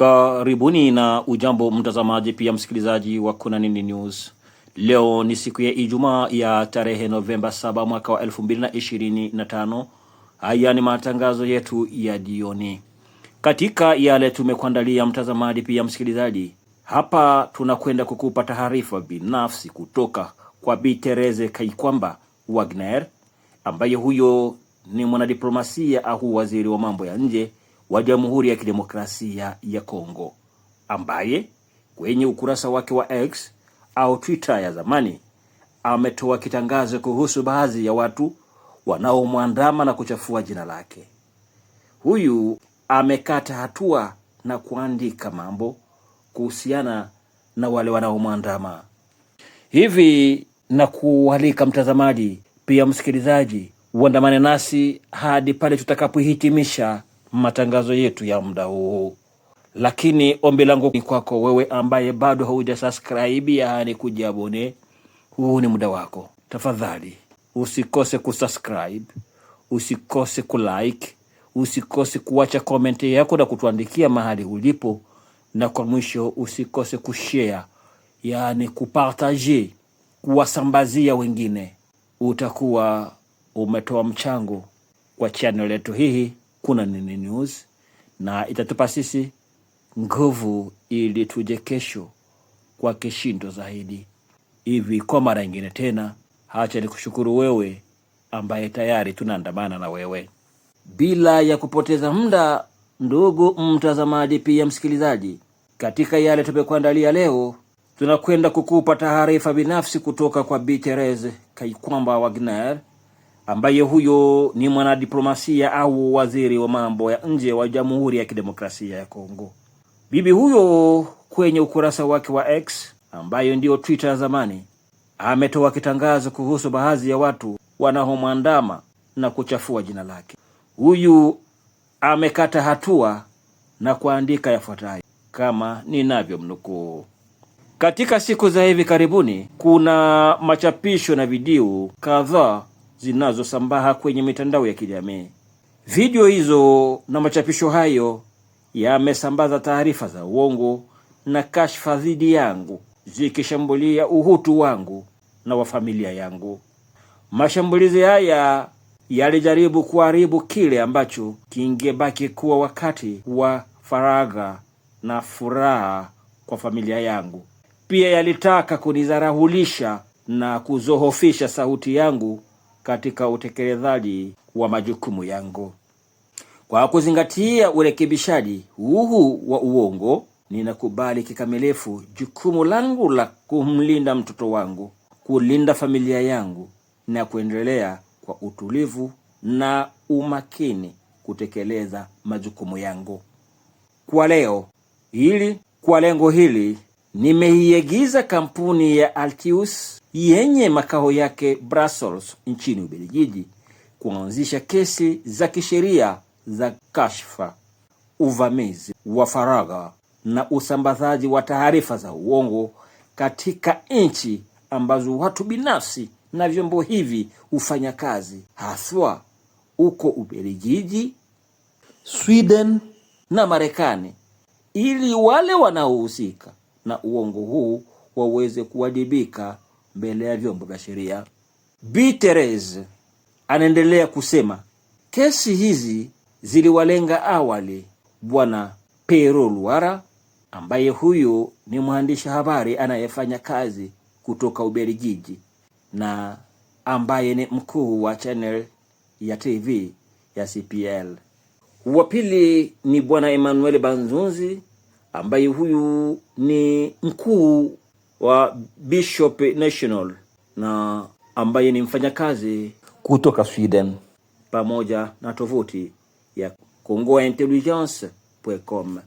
Karibuni na ujambo mtazamaji, pia msikilizaji wa Kuna Nini News. Leo ni siku ya Ijumaa ya tarehe Novemba 7 mwaka wa 2025. Haya ni matangazo yetu ya jioni. Katika yale tumekuandalia mtazamaji, pia msikilizaji, hapa tunakwenda kukupa taarifa binafsi kutoka kwa Bi Therese Kaikwamba Wagner ambaye huyo ni mwanadiplomasia au waziri wa mambo ya nje wa Jamhuri ya Kidemokrasia ya Kongo ambaye kwenye ukurasa wake wa X au Twitter ya zamani ametoa kitangazo kuhusu baadhi ya watu wanaomwandama na kuchafua jina lake. Huyu amekata hatua na kuandika mambo kuhusiana na wale wanaomwandama hivi, na kualika mtazamaji pia msikilizaji uandamane nasi hadi pale tutakapohitimisha matangazo yetu ya muda huu. Lakini ombi langu ni kwako wewe ambaye bado hauja subscribe, yaani kujiabone. Huu ni muda wako, tafadhali usikose kusubscribe, usikose kulike, usikose kuacha komenti yako na kutuandikia mahali ulipo, na kwa mwisho usikose kushare, yaani kupartaje, kuwasambazia wengine. Utakuwa umetoa mchango kwa channel yetu hii kuna Nini News na itatupa sisi nguvu ili tuje kesho kwa kishindo zaidi. Hivi kwa mara nyingine tena, hacha nikushukuru wewe ambaye tayari tunaandamana na wewe bila ya kupoteza muda. Ndugu mtazamaji, pia msikilizaji, katika yale tumekuandalia leo, tunakwenda kukupa taarifa binafsi kutoka kwa Bi Therese Kaikwamba Wagner ambaye huyo ni mwanadiplomasia au waziri wa mambo ya nje wa Jamhuri ya Kidemokrasia ya Kongo. Bibi huyo kwenye ukurasa wake wa X ambayo ndiyo Twitter ya zamani, ametoa kitangazo kuhusu baadhi ya watu wanaomwandama na kuchafua jina lake. Huyu amekata hatua na kuandika yafuatayo kama ninavyomnukuu: katika siku za hivi karibuni kuna machapisho na video kadhaa zinazosambaa kwenye mitandao ya kijamii. Video hizo na machapisho hayo yamesambaza taarifa za uongo na kashfa dhidi yangu, zikishambulia uhutu wangu na wa familia yangu. Mashambulizi haya yalijaribu kuharibu kile ambacho kingebaki kuwa wakati wa faragha na furaha kwa familia yangu. Pia yalitaka kunidharahulisha na kuzohofisha sauti yangu katika utekelezaji wa majukumu yangu. Kwa kuzingatia urekebishaji huu wa uongo, ninakubali kikamilifu jukumu langu la kumlinda mtoto wangu, kulinda familia yangu na kuendelea kwa utulivu na umakini kutekeleza majukumu yangu kwa leo. Ili kwa lengo hili nimeiagiza kampuni ya Altius yenye makao yake Brussels nchini Ubelgiji kuanzisha kesi za kisheria za kashfa, uvamizi wa faragha na usambazaji wa taarifa za uongo katika nchi ambazo watu binafsi na vyombo hivi hufanya kazi, haswa uko Ubelgiji, Sweden na Marekani, ili wale wanaohusika na uongo huu waweze kuwajibika mbele ya vyombo vya sheria. b Therese anaendelea kusema kesi hizi ziliwalenga awali bwana Pero Luara ambaye huyu ni mwandishi habari anayefanya kazi kutoka Ubelgiji na ambaye ni mkuu wa channel ya TV ya CPL. Wa pili ni bwana Emmanuel Banzunzi ambaye huyu ni mkuu wa Bishop National na ambaye ni mfanyakazi kutoka Sweden, pamoja na tovuti ya congointelligence.com.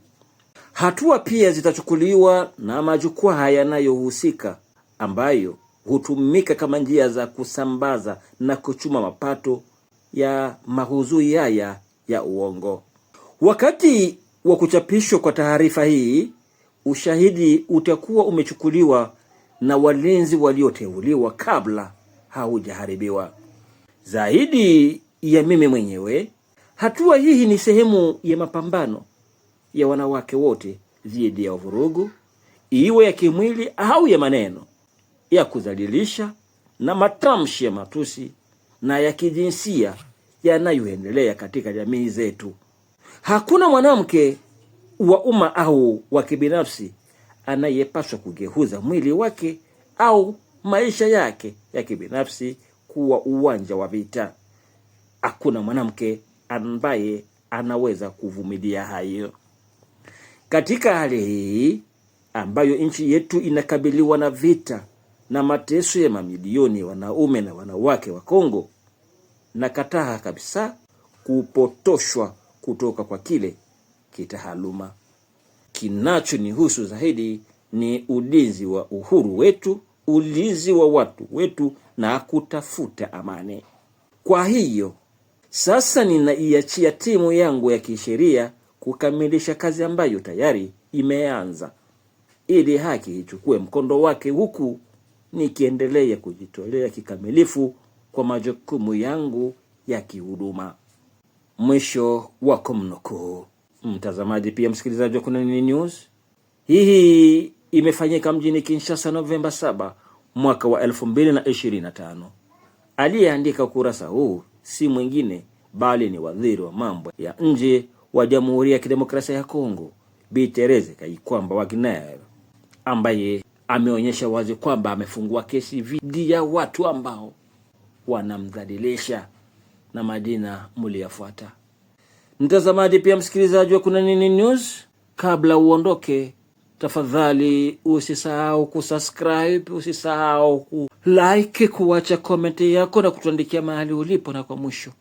Hatua pia zitachukuliwa na majukwaa yanayohusika ambayo hutumika kama njia za kusambaza na kuchuma mapato ya mahuzui haya ya uongo. Wakati wa kuchapishwa kwa taarifa hii ushahidi utakuwa umechukuliwa na walinzi walioteuliwa kabla haujaharibiwa. Zaidi ya mimi mwenyewe, hatua hii ni sehemu ya mapambano ya wanawake wote dhidi ya vurugu, iwe ya kimwili au ya maneno ya kuzalilisha na matamshi ya matusi na ya kijinsia yanayoendelea katika jamii zetu. Hakuna mwanamke wa umma au wa kibinafsi anayepaswa kugeuza mwili wake au maisha yake ya kibinafsi kuwa uwanja wa vita. Hakuna mwanamke ambaye anaweza kuvumilia hayo. Katika hali hii ambayo nchi yetu inakabiliwa na vita na mateso ya mamilioni ya wanaume na wanawake wa Kongo, kataa kabisa kupotoshwa kutoka kwa kile kitahaluma. Kinachonihusu zaidi ni ulinzi wa uhuru wetu, ulinzi wa watu wetu na kutafuta amani. Kwa hiyo sasa ninaiachia timu yangu ya kisheria kukamilisha kazi ambayo tayari imeanza ili haki ichukue mkondo wake, huku nikiendelea kujitolea kikamilifu kwa majukumu yangu ya kihuduma. Mwisho wa kumnukuu. Mm. mtazamaji pia msikilizaji wa Kuna Nini News. Hii imefanyika mjini Kinshasa Novemba 7 mwaka wa 2025. Aliyeandika ukurasa huu si mwingine bali ni waziri wa mambo ya nje wa Jamhuri ya Kidemokrasia ya Kongo Bi Therese Kayikwamba Wagner ambaye ameonyesha wazi kwamba amefungua kesi dhidi ya watu ambao wanamdhalilisha na majina mliyafuata. Mtazamaji pia msikilizaji wa Kuna Nini News, kabla uondoke, tafadhali usisahau kusubscribe, usisahau ku like, kuacha komenti yako na kutuandikia mahali ulipo, na kwa mwisho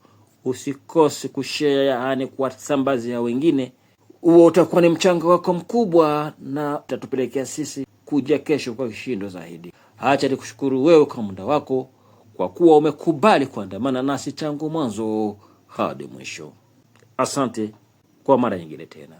usikose kushare, yaani kuwasambazia wengine. Huo utakuwa ni mchango wako mkubwa na utatupelekea sisi kuja kesho kwa kishindo zaidi. Acha nikushukuru wewe kwa muda wako, kwa kuwa umekubali kuandamana nasi tangu mwanzo hadi mwisho. Asante kwa mara nyingine tena.